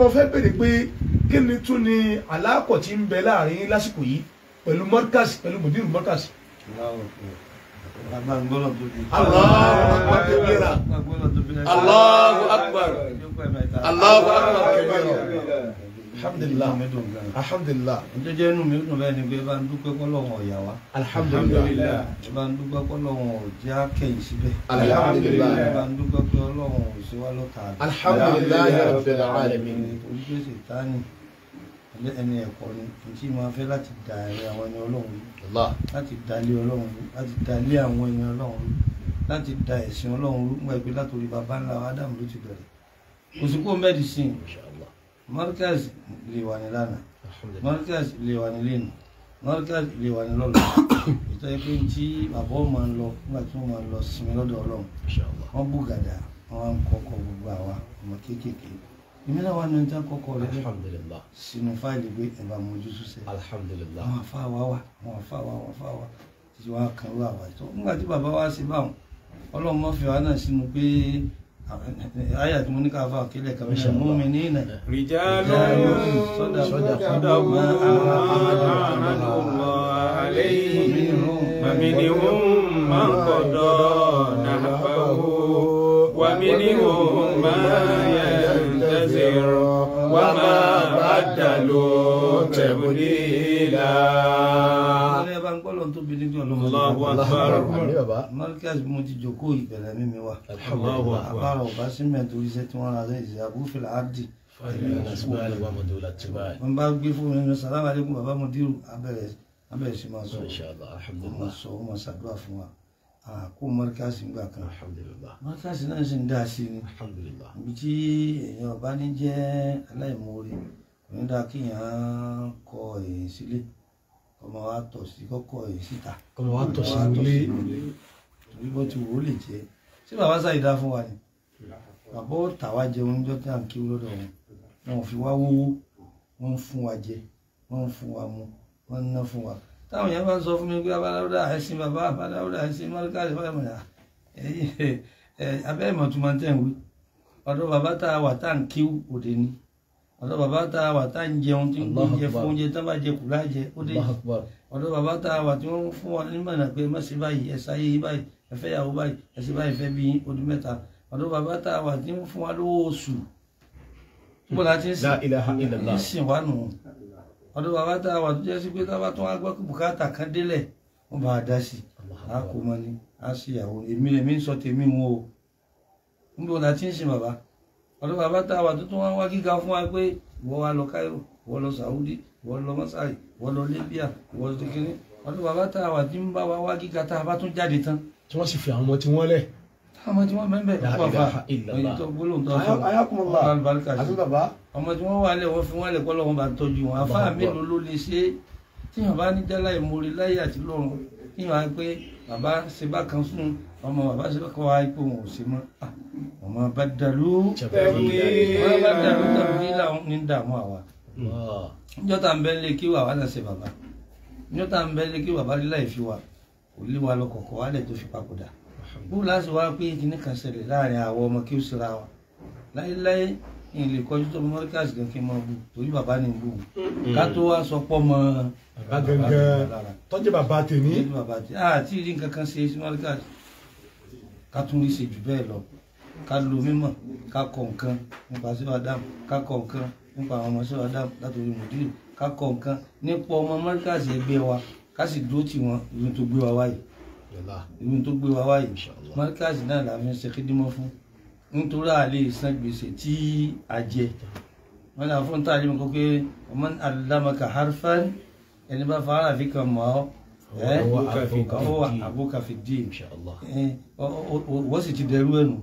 mo fẹ́ bèrè pé kí ni tún ni aláàkọ̀ tí ń bẹ láàrin lásìkò yìí pẹ̀lú mọ́rkàsì pẹ̀lú mùdírù mọ́rkàsì. Allahu akbar kabira Allahu akbar Allahu akbar kabira alhamdulilah alhamdulilah. njẹjẹ inú mi dùn bẹ́ẹ̀ ni pé bá ń dúpẹ́ kọ́lọ́hún ọ̀yà wa. alhamdulilah. bá ń dúpẹ́ kọ́lọ́hún ọ̀já kẹ́yìn síbẹ̀. alhamdulilah. bá ń dúpẹ́ kọ́lọ́hún kò sí wá lọ́ta àgbà. alhamdulilayi rabbil alamin. orí pé sètáni ẹni ẹ̀kọ́ ni tí máa fẹ́ láti da ẹ̀rẹ́ àwọn ẹni ọlọ́run rú láti da ilé ọlọ́run rú láti da ilé àwọn ẹni ọlọ́run rú láti da ẹ̀sìn ọlọ́run rú mọ́ ẹgbẹ́ látòrí bàbá ńlá ádámù ló ti bẹ̀rẹ̀ òsìkò mẹ́dísìn markaz lè wà ní lánàá markaz lè wọ́n wá ń kọ́kọ́ gbogbo àwa ọmọ kéékèèké èmi náà wà ní ọjà kọ́kọ́ rẹ̀ alhamdulillah sínú fáìlì pé ẹ̀ bá mojú súnṣẹ́ alhamdulillah àwọn afá wa wà àwọn afá wa àwọn afá wa títí wọn kan wà wà tó nígbà tí bàbá wa ṣe báwọn ọlọ́run mọ́ fi wa náà sínú pé àyà tí mo ní ká fa òkèlè kan ṣe mú mi ní ìnà. rìjálù sọdà sọdà mọ àmàlùmọ àlẹ́ yìí màmí ni wọ́n máa ń kọ́ dọ́ọ̀ náà. منهم ما ينتظر وما بدلوا تبديلا ọlọ́run tó bi ní jọ̀ọ́ lọ́wọ́ Allahu Akbar markaz mo ti jòkó ìbẹ̀rẹ̀ mímí wa àbára ọba símẹ̀ torí iṣẹ́ tí wọ́n ra rẹ̀ ìṣẹ́ àbúfìlà ábdì wọ́n bá gbé fún mi sàlámà lẹ́kùn bàbá mo dírù abẹ́rẹ́ sí máa sọ ọmọ sàdúrà fún wa àkó mọ́ríkàsì ńgbà kan mọ́ríkàsì náà sì ń dá sí ni ibi tí èèyàn bá ní jẹ́ aláìmoore kò ní dáa kéèyàn kọ èèyàn sílé ọmọ wa tọ̀ sí kọ́kọ́ èèyàn síta ọmọ wa tọ̀ sí ilé torí bọ́ ti wò ó lè jẹ́ ṣé bàbá ṣàyídá fún wa ni bàbá ó tà wá jẹun níjọ́ tí à ń kéwú lọ́dọ̀ wọn wọn ò fi wá wówó wọn ń fún wa jẹ wọn ń fún wa mu wọn ń ná fún wa táwọn èèyàn bá ń sọ fún mi pé abáláwúdà ẹ̀sìn bàbá abáláwúdà ẹ̀sìn mọ́ríkàlì fọlẹ́mọ̀dà abẹ́ ìmọ̀túnmọ̀ tẹ̀ ń wí ọ̀dọ̀ bàbá tá a wà tá à ń kíw òde ni ọ̀dọ̀ bàbá tá a wà tá à ń jẹun tí wọ́n ń jẹ fún oúnjẹ tó bá jẹ kùlá jẹ ó dé ọ̀dọ̀ bàbá tá a wà tí wọ́n fún wa nímọ̀nà pé mọ̀sí báyìí ẹ̀sà yé báyìí ẹ̀fẹ́ yàwó báyìí ẹ̀sìn báyìí wa nù ọdún bàbá tá a wà tó jẹ́ sí pé tábà tó wá gbọ́ bùkátà kan délẹ̀ wọ́n bá a dá sí a kò mọ ni a sì yàwó èmi èmi ń sọ tèmi wọn o ń bọ̀ láti ń sin bàbá ọdún bàbá tá a wà tó tún wá wá gíga fún wa pé ìwọ wa lọ Cairo ìwọ lọ Saudi ìwọ lọ Masai ìwọ lọ Libya ìwọ lọ kékeré ọdún bàbá tá a wà tí ń bá wa wá gíga tá a bá tún jáde tán. tí wọ́n sì fi àwọn ọmọ tí wọ́n lẹ̀ ọmọ tí wọ́n bẹ́ẹ̀ bẹ́ẹ̀ kó àfa ìtọ́ gbólóhùn tó sọ àlùbáríkà sí ọmọ tí wọ́n wà lẹ̀ wọ́n fi wọ́n lẹ̀ kọ́lọ́wọ́n bá tọ́jú wọn àfa mélòó ló lè ṣe tíyàn bá ní jálá ìmoore láyé àti lọ́run tíyàn á pé bàbá ṣe bákan sún ọmọ bàbá ṣe kọ́ wa ipò wọn ò ṣe mọ́ ọmọ bá dàlú ọmọ bá dàlú tàbí nílà ní dààmú àwa níjọ́ tá à ń bẹ́ lé kí wàá wà náà ṣe bàbá níjọ́ tá à ń bẹ́ lé kí bàbá lílà ìfi wa ò lé wa lọ kọ̀ọ̀kọ̀ wálẹ̀ tó fi papòdà bóun láti wá pé kíní kan ṣẹlẹ̀ láàrin àwọn ọmọ kí ó ṣe ra wa láéláé ní ilé kọjú tó mọ́ ríkàsì gan kí n máa bù torí bàbá ni bù mm-hmm. ká tó wá sọ pọ́ mọ́ bàbá gangan tọ́jú bàbá tèmi tọ́jú bàbá tèmi àti ìdí nǹkan kan ṣe sí mọ́ ká tún rí ṣe jù bẹ́ẹ̀ lọ ká lo mímọ̀ ká kọ nǹkan nípa sí adam ká kọ nǹkan nípa àwọn ọmọ sí adam látòrí mòdìrì ká kọ nǹkan nípa ọmọ mọ́ríkàsì ẹgbẹ́ wa ká sì dúró tì wọ́n ìlú tó gbé wa wáyìí ibi tó gbé wa wáyé mọ́ríkàsì náà la fi ń ṣe kídímọ́ fún nítorí àlè san gbèsè tí a jẹ wọn náà fún tààlí mi kó pé ọmọ alámaka harfan ẹni bá fa ara fi kan mọ́ ọ ọwọ́ àbúkàfi dì wọ́n sì ti dẹrú ẹnu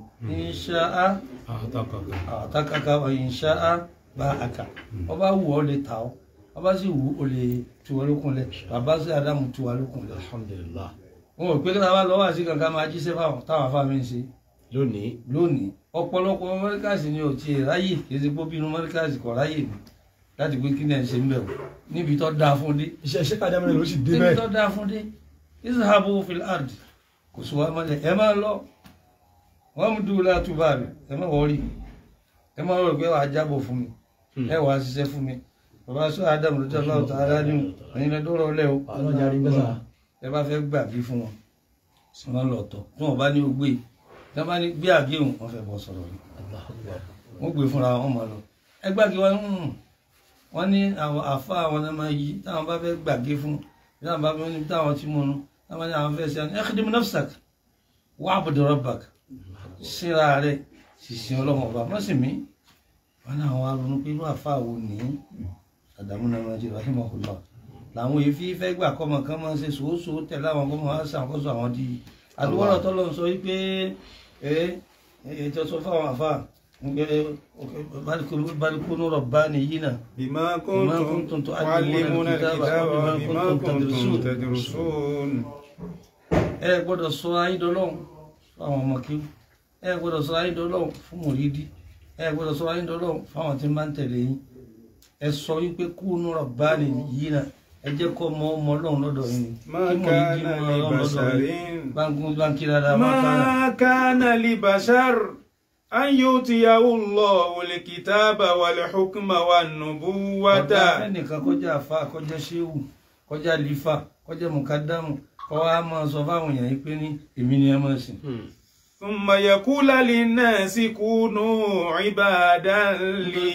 inṣáá àtàkàkà inṣáá bá àkà ọba wù ọ́ lè ta ọ́ ọba sì wù ọ́ lè tiwọ́lókun lẹ̀ bàbá sí adamu tiwọ́lókun lẹ̀ alhamdulillah wọn ò pé kí táwa lọ́wọ́ àti kankan máa jíṣẹ́ fáwọn táwọn afáàmì ń ṣe. lónìí. lónìí ọ̀pọ̀lọpọ̀ mọ́ríkàsì ni ò ti ráyè kì í ṣe pé bínú mọ́ríkàsì kò ráyè mi láti pé kí ni ẹ̀ ń ṣe ń bẹ̀rù níbi tó dáa fún dé. iṣẹ́ iṣẹ́ tàdé mẹ́rin ló sì dé bẹ́ẹ̀. níbi tó dáa fún dé israhabu fil ard kò sùn wá mọ́lẹ̀ ẹ máa lọ wọ́n mú dùn láti bá mi ẹ má wọ́ọ̀rì ẹ má wọ́ọ̀rì pé wàá jábọ̀ fún mi hmm. ẹ wàá ṣiṣẹ́ fún mi bàbá sọ Ádámù lọ́jọ́ náà tààrà nínú ẹ̀yin lọ́dọ́rọ̀ lẹ́ o. ọlọ́jà rí bẹ́sà ẹ bá fẹ́ gbàbí fún wọn sí wọn lọ tọ̀ tí wọn bá ní o gbé tí wọn bá ní gbé àbí òun wọn fẹ́ bọ́ sọ̀rọ̀ yìí wọn gbé fúnra wọn mọ̀ lọ ẹgbà kí wọn ń hmm, hmm. wọn ní àwọn àfa àwọn ọmọ yìí táwọn bá fẹ́ gbàgbé fún táwọn bá fẹ́ táwọn ti mú un táwọn bá ní àwọn fẹ́ ṣe ẹ kìdìmù nafsak wà á bọ̀dọ̀ rabbak síra rẹ ṣìṣẹ́ ọlọ́mọ ọba mọ́sìmí wọn náà wọn ronú irú àfa wo nìyí àdàmúnà mọ́jú rahimahullah làwọn èéfì fẹ́ gbà kọ́mọ kan máa ń ṣe sòóso tẹ̀ láwọn kọ́mọ wá ṣàkóso àwọn di àdúgbọ́nà tọ́lọ́ sọ wípé ẹ ẹ jọ sọ fáwọn àfa balikunu rọ̀bánì yìí náà bima kuntum tu'allimuna al-kitaba wa bima kuntum tadrusun. ẹ gbọ́dọ̀ sọ ayédọ́lọ́hún fáwọn ọmọ kí ẹ gbọ́dọ̀ sọ ayédọ́lọ́hún fún mòrídìí ẹ gbọ́dọ̀ sọ ayédọ́lọ́hún fáwọn tí ń bá ń tẹ̀lé yín ẹ sọ wípé kúnú rọ̀bánì yìí náà ẹ jẹ́ kó mọ ọmọ ọlọ́run lọ́dọ̀ yín ni kí mo ní kí mo ọlọ́run lọ́dọ̀ yín gbàngún gbàǹkì rárá máa kára. máa kánà lè bàṣàr an yóò ti yàwó lọ wòlé kìtàbà wàlẹ̀ hukuma wà nùbú wádà. ọ̀gá ẹnìkan kọjá àfa kọjá ṣéwù kọjá lífà kọjá mùkádàmù kọ́ wa máa sọ fáwọn èèyàn yìí pé ní èmi ni ẹ máa sìn. ثم يقول للناس كونوا عبادا لي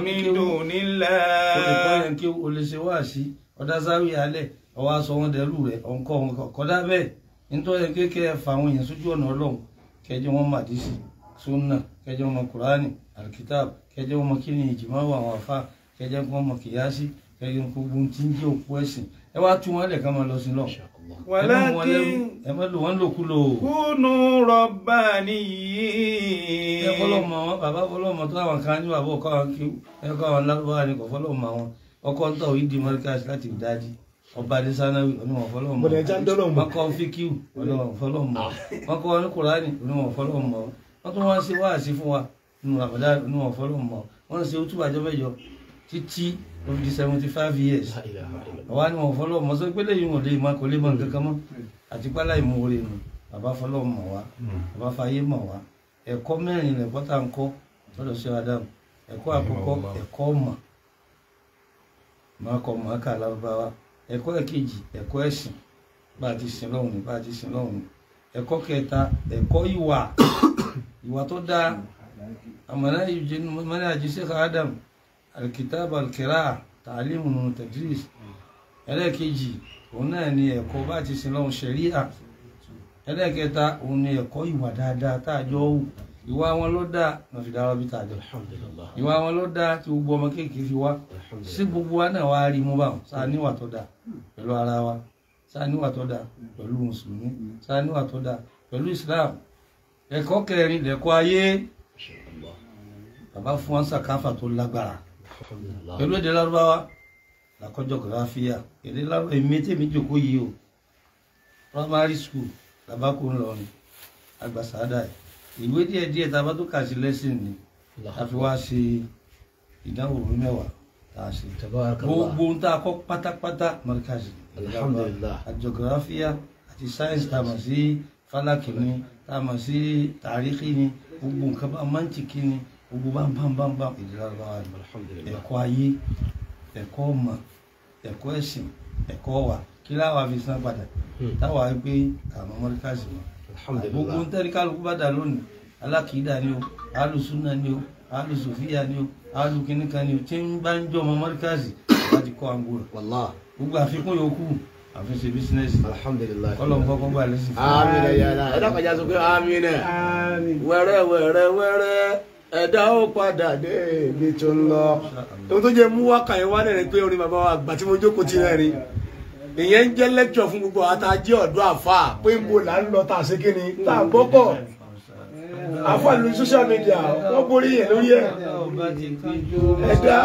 من دون الله ọ̀dà sáwì alẹ̀ ọwọ́ aṣọ wọn dẹrù rẹ̀ ọ̀nkọ́ wọn kọ́dá bẹ́ẹ̀ nítorí kékeré fa àwọn èèyàn sójú ọ̀nà ọlọ́run kẹjọ wọn màdísì sunna kẹjọ wọn kùránì alikitab kẹjọ wọn kíni ìjìmọ̀ àwọn afá kẹjọ wọn kìyàsí kẹjọ wọn gbogbo tí ń jẹ́ òkú ẹ̀sìn ẹ wá tú wọn lẹ̀ ká máa lọ sí lọ. wàlákin ẹ má lò wọn lòkulò. kúnú rọ̀bà nìyí. ẹ fọlọ́mọ bàbá fọlọ́mọ tó àwọn kan ní bàbá ọkọ àwọn kí ẹ kọ́ àwọn lárúbáwá ni kò fọlọ́mọ àwọn ọkọ ntọ yìí di mọríkàsì láti dájú ọba adesanawi onímọ̀ fọlọ́mọ wọn kọ́ fíkíù onímọ̀ fọlọ́mọ wọn kọ́ oníkùránì onímọ̀ fọlọ́mọ wọn tún wọn ṣe wáàsí fún wa nínú àbàdá onímọ̀ fọlọ́mọ wọn ṣe otu àjọbẹ̀jọ títí over the seventy five years àwa ni wọn fọlọ́mọ sọ pé lẹ́yìn wọn lè má kó lè mọ nǹkan kan mọ́ àti pálá ìmúwòrè nù bàbá fọlọ́mọ wa hmm. bàbá fayé mọ̀ wa ẹ̀kọ́ mẹ́rin lẹ̀kọ́ tá à ń kọ́ lọ́dọ̀ sí Adam ẹ̀kọ́ àkọ́kọ́ ẹ̀kọ́ mọ̀ mọ́kọ mọ́kà lárúbáwá ẹ̀kọ́ ẹ̀kejì ẹ̀kọ́ ẹ̀sìn bá a ti sin lọ́hùn bá a ti sin lọ́hùn ẹ̀kọ́ kẹta ẹ̀kọ́ ìwà ìwà tó dáa àmàlà ìmọ̀lẹ́ àjíṣẹ́ adam alkitab alkira tàlímù tadris ẹlẹ́ẹ̀kejì òun náà ni ẹ̀kọ́ bá a ti sin lọ́hùn ṣẹ̀ríà ẹlẹ́ẹ̀kẹta òun ni ẹ̀kọ́ ìwà dáadáa tá a jọ wù ìwà wọn ló dáa ìwà wọn ló dáa tí gbogbo ọmọ kéèké fi wá sí gbogbo wa náà wá rí mú bá wọn sáà níwà tó dáa pẹ̀lú ara wa sáà níwà tó dáa pẹ̀lú mùsùlùmí sáà níwà tó dáa pẹ̀lú islam ẹ̀kọ́ kẹrin lẹ́kọ́ ayé bàbá fún wọn sàkáfà tó lágbára pẹ̀lú èdè lárúbáwá làkọjọ gàráfíà èdè lárúbáwá èmi tèmi jòkó yìí o primary school làbákò ńlọrin àgbàsáadà ìwé díẹ̀ díẹ̀ tá a bá tó kà sí lẹ́sìn ni a fi wá ṣe ìdánwò orí mẹ́wàá tá a ṣe gbogbo ohun tá a kọ́ pátápátá mọ́ríkàṣì àjọgráfíà àti sáyẹ́nsì tá a mọ̀ sí fálákì ni tá a mọ̀ sí tàríkì ni gbogbo nǹkan bá mọ́ǹtìkì ni gbogbo bá ń bá ń bá ń bá ìdílé lọ́wọ́ rẹ̀ ẹ̀kọ́ ayé ẹ̀kọ́ ọmọ ẹ̀kọ́ ẹ̀sìn ẹ̀kọ́ wa kí láwa fi san padà táwa gbé kàmọ́ mọ́ríkàṣì mọ́ gbogbo ń tẹ́ni kálukú bá dà lónìí alákìídà ni o alùsùnà ni o alùsòfíà ni o alùkìnnìkan ni o tí ń bá ń jọ ọmọ mọ́ríkàsì láti kọ́ àǹgó rẹ̀ gbogbo àfikún yòókù àfin ṣe bísínẹ́sì alhamdulillah kọ́lọ̀ nǹkan kọ́ bá lè sí. amina yàrá ẹ̀dá pàjá sọ pé amina wẹ́rẹ́ wẹ́rẹ́ wẹ́rẹ́ ẹ̀dá ó padà dé ibi tó ń lọ. ohun tó jẹ́ mú wákàyè wá pé orin bàbá wa àgbà tí mo jókòó ti rẹ̀ ìyẹn ń jẹ́ lecture fún gbogbo àtàjẹ ọ̀dọ́ àfa pé ń bo là ń lọ tà sí kíni tá à ń àfa lu social media wọ́n borí yẹn lórí ẹ̀ ẹ̀dá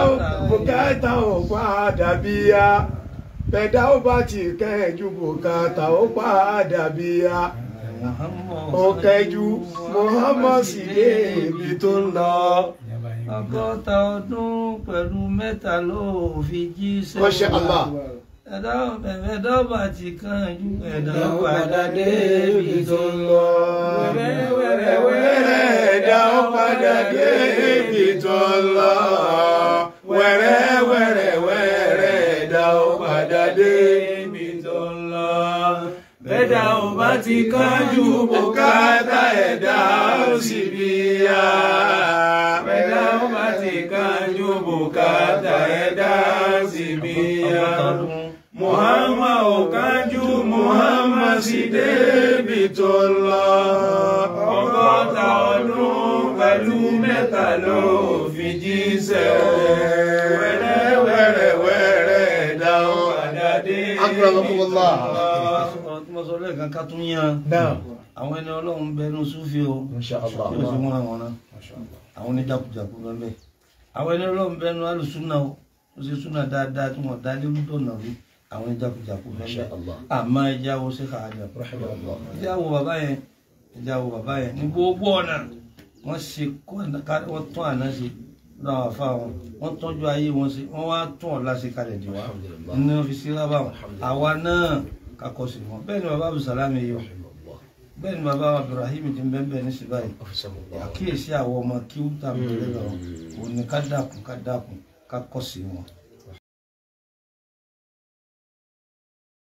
bùkátà ò padà bíyá ẹ̀dá ó bá ti kẹ́ẹ̀jú bùkátà ó padà bíyá ó kẹ́jú Muhammad sì dé ibi tó ń lọ ọgọ́ta ọdún pẹ̀lú mẹ́ta ló fi jí sẹ́wọ̀n ẹ̀dá ẹ̀dá ọba ti kan ju ẹ̀dá padà débi tó ń lọ. wẹ́rẹ́ wẹ́rẹ́ ẹ̀dá padà débi tó ń lọ. wẹ́rẹ́ wẹ́rẹ́ wẹ́rẹ́ ẹ̀dá padà débi tó ń lọ. bẹ́ẹ̀dá ọba ti kan bùkátà ẹ̀dá ó sì bí ya. bẹ́ẹ̀dá ọba ti kan ju bùkátà ẹ̀dá ó bí ya. Muhammad ọ̀kánjú Muhammad sì débi Ọgọ́ta ọdún pẹ̀lú mẹ́ta ló fi jíṣẹ́. Wẹ́rẹ́wẹ́rẹ́ wẹ́rẹ́ dáhùn àdáde. Akramakumullah. Mo sọ lẹ́ẹ̀kan ká tún yan. Àwọn ẹni ọlọ́run bẹnu Súfì o. Insha Allah. Yóò ṣe àwọn náà. Àwọn oníjàkújàkú bẹ́ẹ̀. Àwọn ẹni ọlọ́run bẹnu Alùsúnà o. Ó ṣe súnà dáadáa tí wọ́n dá lérú tó nà rí àwọn jákujàku lọ́lẹ̀ àmọ́ ẹja wo sí kàájà ẹja wo bàbá yẹn ẹja wo bàbá yẹn ní gbogbo ọ̀nà wọ́n ṣe wọ́n tún àná ṣe lọ́wọ́ àwọn afá wọn wọ́n tọ́jú ayé wọn ṣe wọ́n wá tún ọ̀la ṣe kalẹ̀ dì wá ní wọ́n fi sí rábà wọn àwa náà kakọ̀ sí wọn bẹ́ẹ̀ ni bàbá abdulsalami yìí wọ̀ bẹ́ẹ̀ ni bàbá abdulrahim ti ń bẹ́ẹ̀ bẹ́ẹ̀ ní síbáyì àkíyèsí àwọn ọmọ kí ó tà mí lẹ́gbẹ̀ẹ́ wọn hmm. òní ká dákun ká dákun ká kọ̀ sí wọn.